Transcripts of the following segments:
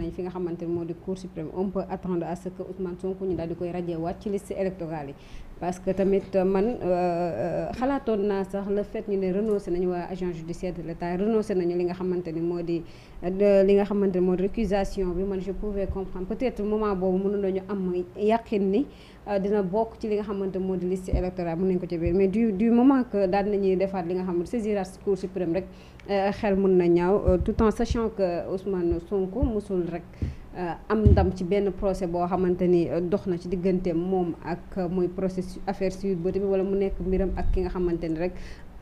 nañ fi nga xamante ne moo di cour suprême on peut attendre à que Ousmane Sonko ñu daal di koy rajewaat ci liste électorale yi parce que tamit euh, man euh, euh, xalaatoon naa sax la fait ñu ne renoncé nañu waa agent judiciaire de l'État renoncé nañu li nga xamante ni moo di li nga xamante ni moo di récusation bi man je pouvais comprendre peut-être moment boobu mënoon ñu am yàqin ni Euh, dina bokk ci li nga xamante moo di liste électorale mën nañ ko ci biir mais du du moment que daal nañuy defaat li nga xamante saisiraat cour suprême rek euh, xel mën na ñaaw euh, tout en sachant que Ousmane Sonko musul rek am ndam ci benn procès boo xamante ni dox na ci digganteem moom ak mooy procès affaire Sweet Beauté bi wala mu nekk mbiram ak ki nga xamante ni rek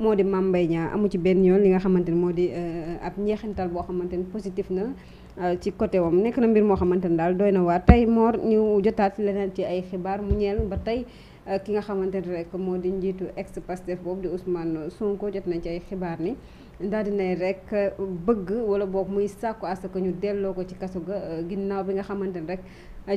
moo di Mame Mbaye Niang amu ci benn yoon li nga xamante ni moo di ab ñeexintaal boo xamante ni positif na Euh, ci côté wam nekk na mbir moo xamante ne daal doy na waar tey moor ñu jotaat leneen ci ay xibaar mu ñeel ba tey euh, ki nga xamante ne rek moo di njiitu ex Pastef boobu di Ousmane Sonko jot nañ ci ay xibaar ni di dinay rek euh, bëgg wala boog muy sàkku à ce que ñu delloo ko ci kaso ga ginnaaw bi nga xamante ne rek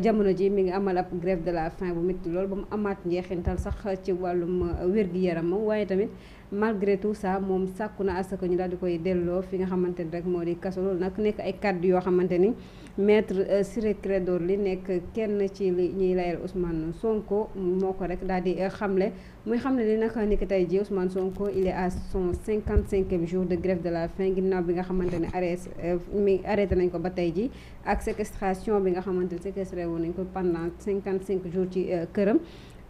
jamono ji mi ngi amal ab grève de la fin bu métti lool ba mu amaat njeexintal sax ci wàllum wér-gi-yaram waaye tamit malgré tout ça moom sàkku na asaka ñu daal di koy delloo fi nga xamante ni rek moo di kaso nag nekk ay kàddu yoo xamante ni maître euh, Ciré li nekk kenn ci li ñuy layal Ousmane Sonko moo ko rek daal di euh, xamle muy xamle li nag ni ki tey jii Ousmane Sonko il est à son cinquante cinquième jour de grève de la fin ginnaaw bi nga xamante ne arrêté euh, mi arrêté nañ ko ba tey jii ak séquestration bi nga xamante ne séquestré woon nañ ko pendant cinquante cinq jours ci këram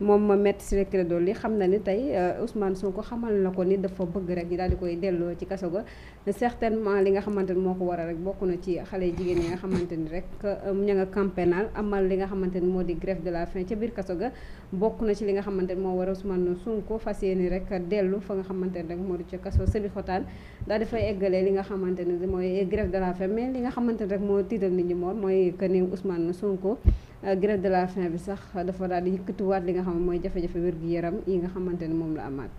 moom ma Maître Ciré Clédor Ly xam na ni tey euh, Ousmane Sonko xamal na ko ni dafa bëgg rek ñu daal di koy delloo ci kaso ga certainement li nga xamante moo ko waral rek bokk na ci xale jigéen yi nga xamante ni rek euh, ña nga camp pénal amal li nga xamante ni moo di grève de la fin ca biir kaso ga bokk na ci li nga xamante ni moo waral Ousmane Sonko fas yéene rek dellu fa nga xamante ni rek moo di ca kaso sëbi xotaan daal di fay eggalee li nga xamante ni mooy grève de la faim mais li nga xamante ni rek moo tiital nit ñi moom mooy que ni Ousmane ko Euh, grève de la fin bi sax dafa daal di yëkkatiwaat li nga xam mooy jafe wér wér-gu-yaram yi nga xamante ne moom la amaat.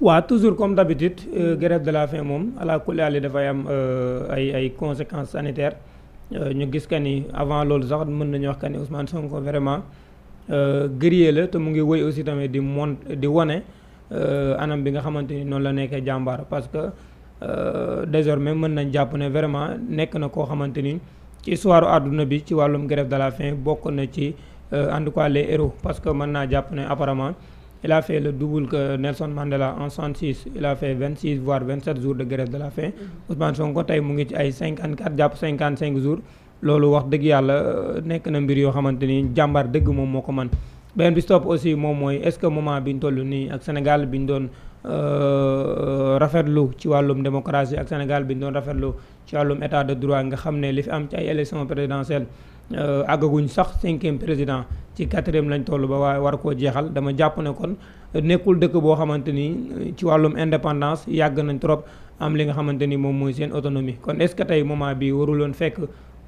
waaw ouais, toujours comme d'habitude euh, grève de la faim moom ala kulli dafay am euh, ay ay conséquences sanitaires euh, ñu gis que ni avant loolu sax mën nañu wax que ni Ousmane Sonko vraiment guerrier la te mu ngi wëy aussi tamit di mont di wone anam bi nga xamante ni noonu la nekkee jàmbaar parce que désormais mën nañ jàpp ne vraiment nekk na koo xamante ni. ci histoire àdduna bi ci wàllum grève de la faim bokk na ci euh, en tout cas les parce que mën naa jàpp ne apparemment il a fait le double que Nelson Mandela en 66 il a fait 26 voire 27 jours de grève de la faim mm-hmm. Ousmane Sonko tey mu ngi ci ay 54 jàpp 55 jours loolu wax dëgg yàlla euh, nekk na mbir yoo xamante ni jàmbaar dëgg moom moo ko man beneen bi stop aussi moom mooy est-ce que moment bi ñu toll nii ak Sénégal bi ñu doon euh, rafetlu ci wàllum démocratie ak Sénégal bi doon rafetlu ci wàllum état de droit nga xam ne li fi am ci ay élection présidentielle euh, àggaguñ sax cinquième président ci quatrième lañ toll ba waaye war koo jeexal dama jàpp ne kon nekkul dëkk boo xamante ni euh, ci wàllum indépendance yàgg nañ trop am li nga xamante ni moom mooy seen autonomie kon est-ce que tey moment bi waruloon fekk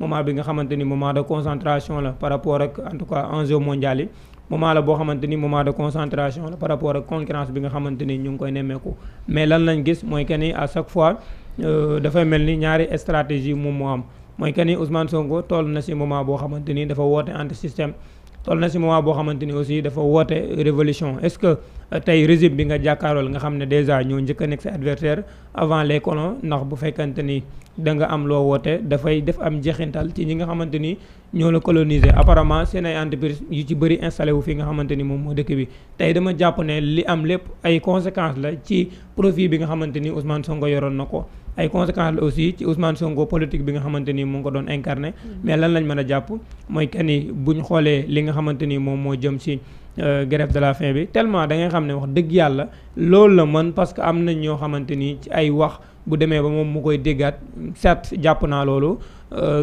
moment bi nga xamante ni moment de concentration la par rapport ak en tout cas enjeu mondial yi la boo xamante ni moment de concentration la par rapport ak concurrence bi nga xamante ni ñu ngi koy nemmeeku mais lan lañ gis mooy que ni à chaque fois Euh, dafay mel ni ñaari stratégie moom moo am mooy que ni Ousmane Sonko toll na si moment boo xamante ni dafa woote anti système toll na si moment boo xamante ni aussi dafa woote révolution est-ce que euh, tey régime bi nga jàkkaarool nga xam ne déjà ñoo njëkk a nekk sa adversaire avant les colons ndax bu fekkante ni da nga am loo woote dafay def am njeexintal ci ñi nga xamante ni ñoo la coloniser apparemment seen ay entreprise yu ci bëri installé wu fi nga xamante ni moom moo dëkk bi tey dama jàpp ne li am lépp ay conséquences la ci profit bi nga xamante ni Ousmane Sonko yoroon na ko ay conséquence la aussi ci Ousmane Sonko politique bi nga xamante ni mu ko doon incarné mm-hmm. mais lan lañ mën a jàpp mooy que ni buñ xoolee li nga xamante ni moom moo jëm si euh, grève de la faim bi tellement da ngay xam ne wax dëgg yàlla loolu la mën parce que am nañ ñoo xamante ni ci wax bu demee ba moom mu koy déggaat certes jàpp naa loolu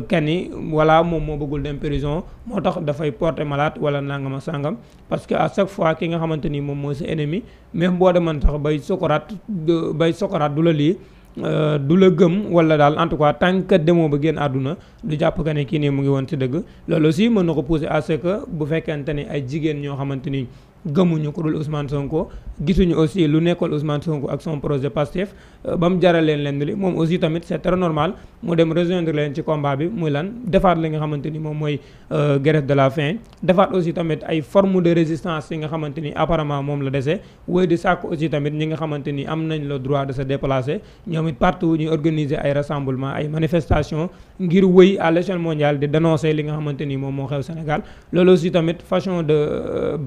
kenni euh, voilà moom moo dem prison moo tax dafay porter malade wala nangama sàngam parce que à chaque fois ki nga xamante ni moom mooy sa ennemi même boo demoon sax bay sokoraat euh, bay sokoraat du la lii Euh, du la gëm wala daal en tout cas tant que demoo ba génn àdduna du jàpp que ne kii nii mu ngi woon ci dëgg loolu aussi mën na ko pousser à ce que bu fekkente ni ay jigéen ñoo xamante ni gëmuñu ku dul Ousmane Sonko gisuñu aussi lu nekkoon Ousmane Sonko ak son projet Pastef euh, ba mu jaral leen leen li moom aussi tamit c'est très normal mu dem rejoindre leen ci combat bi muy lan defaat li nga xamante ni moom mooy euh, grève de la faim defaat aussi tamit ay forme de résistance yi nga xamante ni apparemment moom la dese wooy di sàkk aussi tamit ñi nga xamante ni am nañ le droit de se déplacer ñoom it partout ñuy organiser ay rassemblement ay manifestation ngir wëy à l'échelle mondiale di dénoncer li nga xamante ni moom moo xew Sénégal loolu aussi tamit façon euh,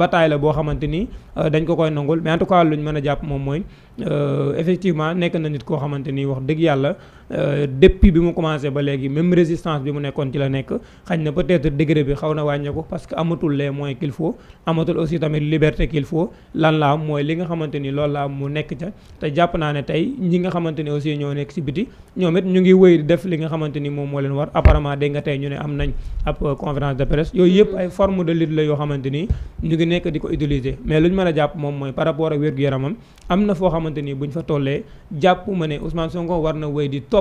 xamante ni euh, dañ ko koy nangul mais en tout cas luñ mën a jàpp moom mooy euh, effectivement nekk na nit koo xamante ni wax dëgg yàlla Euh, depuis bi mu commencé ba léegi même résistance bi mu nekkoon ci la nekk xañ na peut-être degré bi xaw na wàññeeku parce que amatul les moyens qu'il faut amatul aussi tamit liberté qu'il faut lan la am mooy li nga xamante ni la am mu nekk ca te jàpp naa ne tey ñi nga xamante ni aussi ñoo nekk si biti ñoom it ñu ngi wéy def li nga xamante ni moom moo leen war apparemment dégg nga tey ñu ne am nañ ab euh, conférence de presse yooyu yëpp ay forme de lutte la yoo xamante ni ñu ngi nekk di ko utiliser mais lu ñu mën a jàpp moom mooy par rapport ak wér am na foo xamante ni buñ fa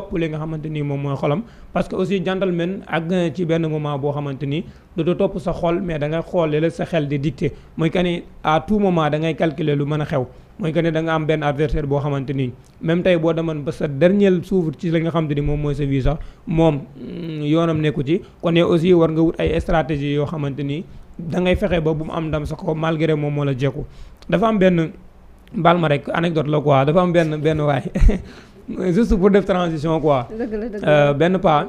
topp li nga xamante ni moom mooy xolam parce que aussi gentleman ak ci benn moment boo xamante ni du topp sa xol mais da ngay xool la sa xel di dicté mooy que ni à tout moment da ngay calculer lu mën a xew mooy que ne da am benn adversaire boo xamante ni même tey boo demoon ba sa dernier souffle ci li nga xamante ni moom mooy sa visa moom mm, yoonam nekku ci kon aussi war nga wut ay stratégie yoo xamante ni da fexe ba bu mu am ndam sa ko malgré moom moo la jekku dafa am benn mbaal ma rek anecdote la quoi dafa am benn benn waay juste pour def transition quoi. Euh, benn paa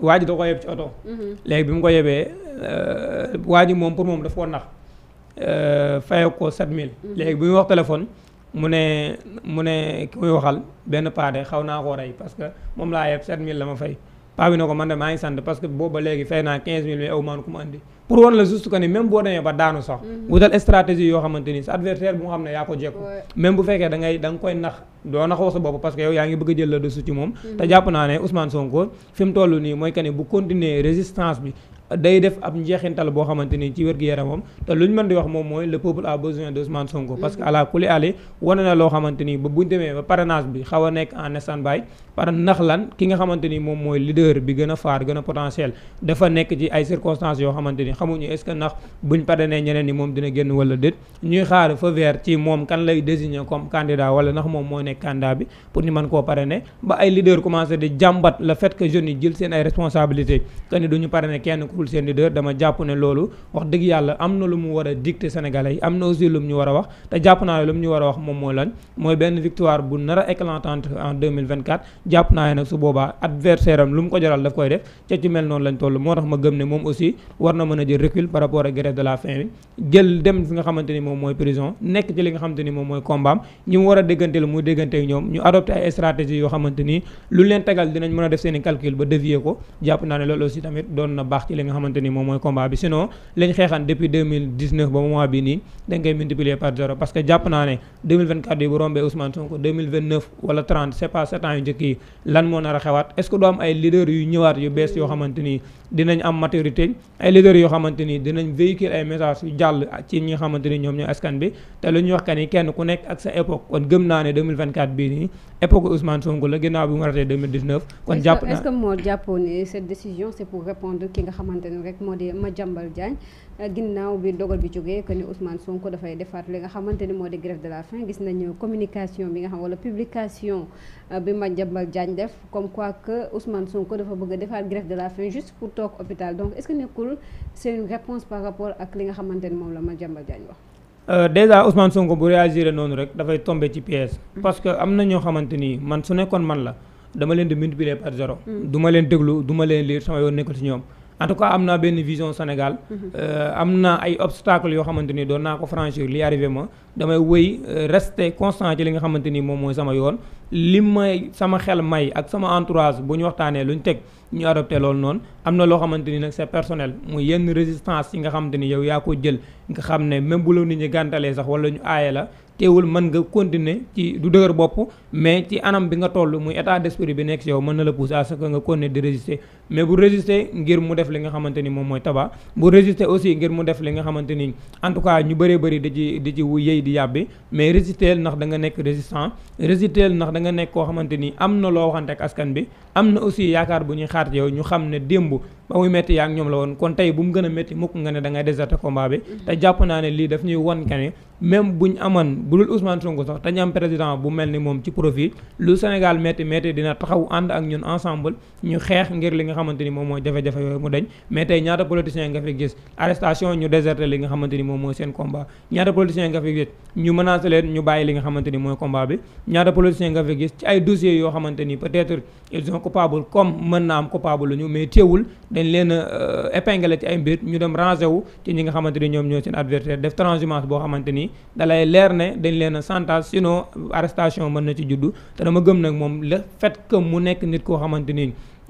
waa ji da ko yeb ci oto. Mhm. léegi bi mu ko yebee euh, waa ji moom pour moom daf ko nax euh, fayoo ko 7000. Mhm. léegi bu ñu wax téléphone mu ne mu ne ki muy waxal benn paa de xaw naa koo rey parce que moom laa yeb 7000 la ma fay paa bi ne ko man de maa ngi sant parce que boobu ba léegi fay naa 15000 mais aw maan ku ma andi. pour woon la juste que ni même boo demee ba daanu sax mhm. wutal stratégie yoo xamante ni sa adversaire bu nga xam ne yaa ko jekku même bu fekkee da ngay da koy nax doo naxoo sa bopp parce que yow yaa ngi bëgg jël la dessus ci moom mhm. te jàpp naa ne Ousmane Sonko fi mu nii mooy que ni bu continuer résistance bi day def ab njeexintal boo xamante ni ci wér-gu-yaramam te lu ñu mën di wax moom mooy le peuple a besoin de Ousmane Sonko mm-hmm. parce que àla kuli ali wane na loo xamante ni ba buñ demee ba a nekk lan ki nga xamante ni moom mooy leader bi gën a faar gën a potentiel dafa nekk ci ay circonstances yoo xamante ni xamuñu est-ce que ndax buñ parrainee ñeneen ni moom dina génn wala déet ñuy xaar moom kan lay désigner comme candidat wala ndax moom mooy nekk candidat bi pour koo parrainer ba ay leader commencé di jàmbat le fait que jeunes yi jël seen ay responsabilité que ni duñu parrainer kenn nekkul seen leader dama jàpp ne loolu wax dëgg yàlla am na lu mu war a dicter sénégalais yi am na aussi lu mu ñu war wax te jàpp naa ne lu mu ñu war wax moom mooy lan mooy benn victoire bu nar a éclatante en 2024 jàpp naa ne nag su boobaa adversaire am lu mu ko jaral daf koy def ca mel noonu lañ toll moo tax ma gëm ne moom aussi war na mën a jël recul par rapport ak grève de la faim bi jël dem fi nga xamante moom mooy prison nekk ci li nga xamante nga xamante moom mooy combat bi sinon lañ xeexan depuis 2019 ba moment bi nii dañ multiplier par zéro parce que jàpp naa ne bu rombee Ousmane Sonko 2029 wala 30 c'est pas sept ans yu njëkk yi moo nar a xewaat est-ce que du am ay leaders yu nga xamante bi te lu ñuy wax kan ni kenn ku nekk ak sa époque kon gëm naa ne 2024 bii nii époque Ousmane Sonko mu ratee kon jàpp naa est-ce moo jàppoon ne cette décision xamante ne rek moo di Madiambal Diagne ginnaaw bi dogal bi jógee que ni Ousmane Sonko dafay defaat li nga xamante ni moo di grève de la faim gis nañu communication bi nga xam wala euh, def comme quoi que Ousmane Sonko dafa bëgg a defaat grève de la faim juste pour toog hôpital donc est-ce que nekkul c'est une réponse par rapport ak li nga xamante ni moom la Madiambal Diagne wax. Euh, déjà Sonko bu réagir noonu rek dafay tombé ci piège mm-hmm. parce que am na ñoo xamante ni man en tout cas am naa benn vision Sénégal mhm. euh, am na ay obstacles yoo xamante ni doon naa ko franchir li arrivé ma damay woy euh, rester constant ci li nga xamante ni moom mooy sama yoon li may sama xel may ak sama entourage bu ñu waxtaanee lu ñu teg ñu adopté loolu noon am na loo xamante ni nag c'est personnel muy yenn résistance yi nga xamante ni yow yaa ko jël nga xam ne même bu la nit ñi gàntalee sax wala ñu aaye la teewul mën nga continuer ci du dëgër bopp mais ci anam bi nga toll muy état d'esprit bi nekk si yow mën na la pousser à ce que nga continuer di résister mais bu résister ngir mu def li nga xamante ni moom mooy tabac bu résister aussi ngir mu def li nga xamante ni en tout cas ñu bëree bëri di ci di ci wu di yàbbi mais résister ndax da nga nekk résistant résister ndax danga nekk koo xamante ni am na loo waxante ak askan bi am na aussi yaakaar bu ñuy xaar yow ñu xam ne démb ba muy métti yaa ngi ñoom la woon kon tey bu mu gën a métti mukk nga ne dangay ngay déserté combat bi te jàpp naa ne lii daf ñuy won kene même buñ aman bu dul Ousmane Sonko sax te ñu am président bu mel ni moom ci profil lu Sénégal métti métti dina taxaw ànd ak ñun ensemble ñu xeex ngir li nga xamante ni moom mooy jafe-jafe yooyu mu dañ mais tey ñaata politicien nga fi gis arrestation ñu déserté li nga xamante ni moom mooy seen combat ñaata politicien nga fi gis ñu menacé leen ñu bàyyi li nga xamante ni mooy combat bi ñaata politicien nga fi gis ci ay dossiers yoo xamante ni peut-être ils sont coupables mën na am coupable lu ñu mais téewul dañ leen a euh, épinglé ci ay mbir ñu dem rangé wu ci ñi nga xamante ni ñoom ñoo seen adversaire def transhumance boo xamante ni dalay leer ne dañ leen a chantage sinon arrestation mën na ci juddu te dama gëm nag moom la fait këm mu nekk nit koo xamante ni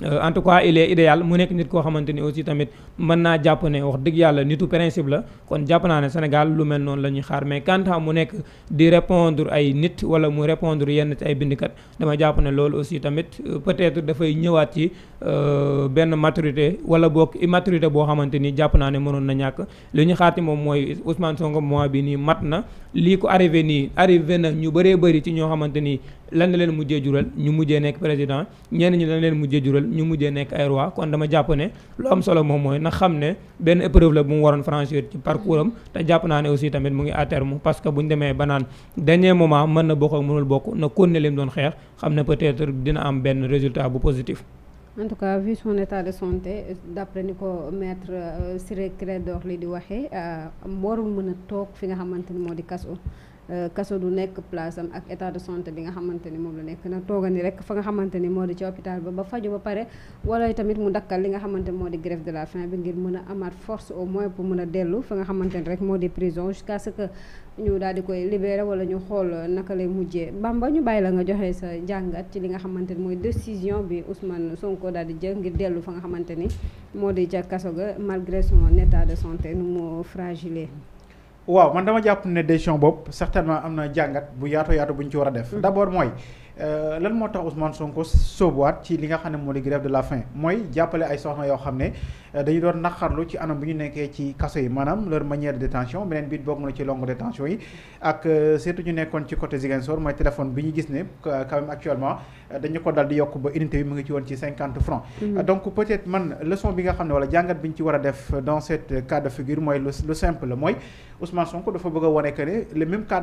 Euh, en tout cas il est mu nekk nit koo xamante ni aussi tamit mën naa jàpp ne wax dëgg yàlla nitu principe la kon jàpp naa ne Sénégal lu mel noonu la ñuy xaar mais quant mu nekk di répondre ay nit wala mu répondre yenn ci ay bindikat dama jàpp ne loolu aussi tamit euh, peut-être dafay ñëwaat ci euh, benn maturité wala boog immaturité boo xamante ni jàpp naa ne mënoon na ñàkk li ñu xaati moom mooy Ousmane Sonko mois bi nii mat na lii ko arrivé nii arrivé na ñu bëree bëri ci ñoo xamante ni lan la leen mujjee jural ñu mujjee nekk président ñenn ñi lan leen mujjee jural ñu mujjee nekk ay roi kon dama jàpp ne lu am solo moom mooy na xam ne benn épreuve la bu mu waroon franchir ci parcours am te jàpp naa ne aussi tamit mu ngi à terme parce que bu ñu demee ba naan dernier moment mën na bokk ak mënul bokk na kon ne lim doon xeex xam ne peut-être dina am benn résultat bu positif en tout cas vu son état de santé d'après ni ko maître euh, Ciré Clédor Ly di waxee euh, warul mën a toog fi nga xamante ni moo di kaso Euh, kaso du nekk place am ak état de santé bi nga xamante ni moom la nekk na toogani rek fa nga xamante ni moo di ci hôpital ba ba faju ba pare wala tamit mu dakkal li nga xamante moo di grève bi ngir mën a amaat force au moins pour mën a dellu nga xamante ni rek moo di prison jusqu'à ce que ñu daal di koy libéré wala ñu xool naka lay mujjee Bamba ñu bàyyi la nga joxe sa jàngat ci li nga xamante ni mooy décision bi Ousmane Sonko daal di jël ngir dellu fa nga xamante ni moo di ca kaso ga malgré son état de santé nu mu fragile waaw man dama jàpp ne décision boobu certainement am na jàngat bu yaato yaatu bu ñu ci war a def. Mm. d' abord mooy euh, lan moo tax Ousmane Sonko soobuwaat ci li nga xam ne moo di grève de la faim mooy jàppale ay soxna yoo xam ne. dañu doon naqarlu ci anam bu ñu nekkee ci kaso yi maanaam leur manière de détention beneen biit bokk na ci longue détention yi ak euh, surtout ñu nekkoon ci côté Ziguinchor mooy téléphone bi ñu gis ne euh, quand actuellement euh, dañu ko dal di yokk ba unité bi mu ngi ci woon ci cinquante francs mm-hmm. donc peut man leçon bi nga xam ne wala jàngat bi ñu ci war a def dans cette cas figure mooy lu simple la mooy Ousmane Sonko dafa bëgg a ne le même cas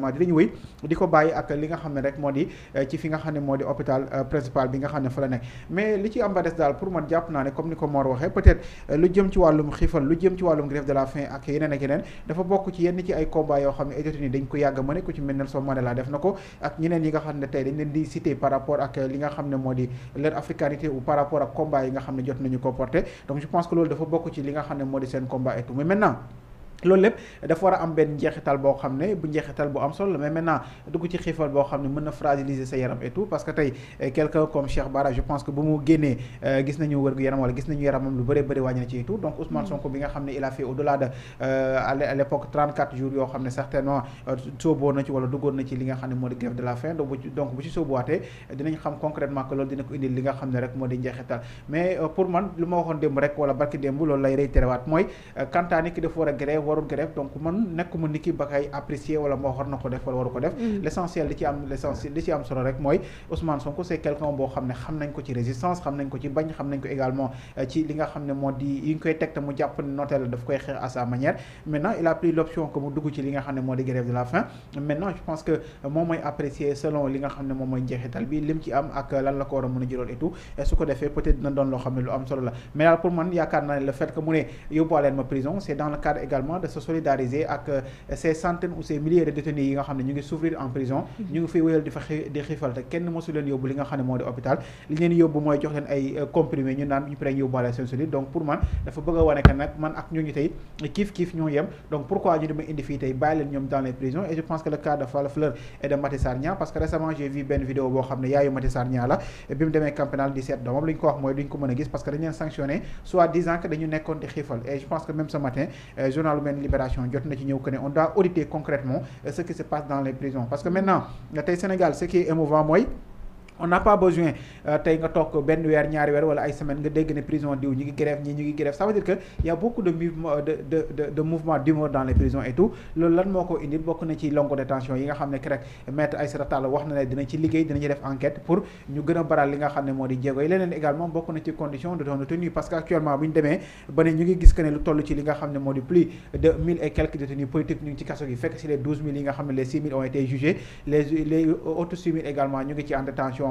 également dinañ wéy di ko bàyyi ak li nga xam ne rek moo di eh, ci fi nga xam ne moo di hôpital eh, principal bi nga xam ne fa la nekk mais li ci am ba des daal pour man jàpp naa ne comme ni ko Mor waxee peut-être eh, lu jëm ci wàllum xiifal lu jëm ci wàllum grève de la faim ak yeneen ak yeneen dafa bokk ci yenn ci ay combat yoo xam ne États-Unis dañ ko yàgg mëne ku ci mel Nelson Mandela def na ko ak ñeneen yi nga xam ne tey dañ leen di citer par rapport ak li nga xam ne moo di leur africanité ou par rapport ak combat yi nga bokk li nga xam ne moo di seen combat et loolu lépp dafa war a am benn njeexital boo xam ne bu njeexital bu am solo mais maintenant dugg ci xiifal boo xam ne mën na fragiliser sa yaram et tout parce que tey euh, quelqu'un comme Cheikh Bara je pense que bu mu génnee euh, gis nañu wérgu yaram wala gis nañu yaramam lu bëree bëri wàññi na ci et donc Ousmane Sonko bi nga xam ne il a fait au delà de euh, à l'époque 34 xam ne certainement sóoboo na ci wala duggoon na li nga xam ne moo di grève de la faim donc bu ci sóobuwaatee dinañ xam concrètement que loolu dina ko indil li nga xam ne rek moo di njeexital mais waroon ko donc man nekkuma nit ki ba kay apprécier wala moo na ko def waru ko def mm-hmm. l' essentiel ci am l' essentiel ci am solo rek mooy Ousmane Sonko c' est quelqu'un boo xam ne xam nañ ko ci résistance xam nañ ko ci bañ xam nañ ko euh, ci li nga xam ne moo di yi ñu mu dugg ci li nga xam ne moo di grève de la faim maintenant je pense mooy apprécier selon li nga xam ne moom mooy njeexital bi lim ci am ak lan la ko war a a jural et su ko defee de se ak euh, ces centaines ou ces milliers de détenus yi nga xam ne ñu ngi souffrir en prison ñu ngi fi wéyal di fa di xiifal te kenn mosu leen yóbbu li nga xam ne moo di hôpital li leen yóbbu mooy jox leen ay euh, comprimé ñu naan ñu pare yóbbaale seen solide donc pour man dafa bëgg a wane que nag man ak ñooñu tey kiif kiif ñoo yem donc pourquoi ñu dama indi fii tey bàyyi leen ñoom dans les prisons et je pense que le cas Fleur et de Maty semaine libération jot na ci ñëw que ne on doit auditer concrètement euh, ce qui se passe dans les prisons parce que maintenant tey Sénégal ce qui est émouvant mooy on n'a pas besoin euh, tey nga toog benn weer ñaari weer wala ay semaine nga dégg ne prison diw ñu ngi grève ñii ñu ngi grève ça veut dire que y a beaucoup de mouvement de de de de mouvement d'humeur dans les prisons et tout loolu lan moo ko indil bokk na ci longue détention yi nga xam ne CREC maître Aïssata Tall wax na ne dina ci liggéey dina ci def enquête pour ñu gën a baral li nga xam ne moo di jéego yi leneen également bokk na ci condition de détenus parce que actuellement bu ñu demee ba ne ñu ngi gis que ne lu toll ci li nga xam ne moo di plus de mille et quelques détenus politiques ñu ngi ci kaso gi fekk si les douze mille yi nga xam ne les six mille ont été jugés les les autres six mille également ñu ngi ci en détention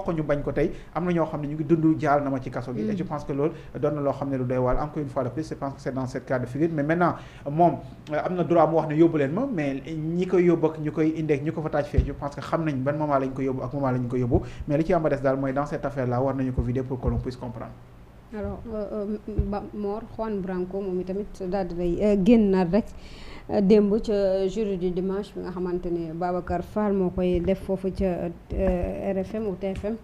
wax ko ñu bañ ko tey am na ñoo xam ne ñu ngi dund jaal na ma ci kaso gi et je mm. pense que loolu doon na loo xam ne lu doy waal encore une fois de plus je pense que c'est dans cette de figure mais maintenant moom euh, am na droit mu wax ne yóbbu leen ma mais ñi koy yóbbu ak ñu koy indeek ñu ko fa taaj fee je pense que xam nañ ban moment lañ ko yóbbu ak yóbbu mais li ci am ba des daal mooy dans cette affaire là war nañu ko vider pour que puisse comprendre alors euh, euh, ba Mor Juan Branco moom itamit daal di génn euh, génnaat rek démb ca jury du dimanche bi nga xamante ne Babacar Fall moo koy def foofu ca RFM ou TFM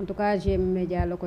en tout cas GM Média la koy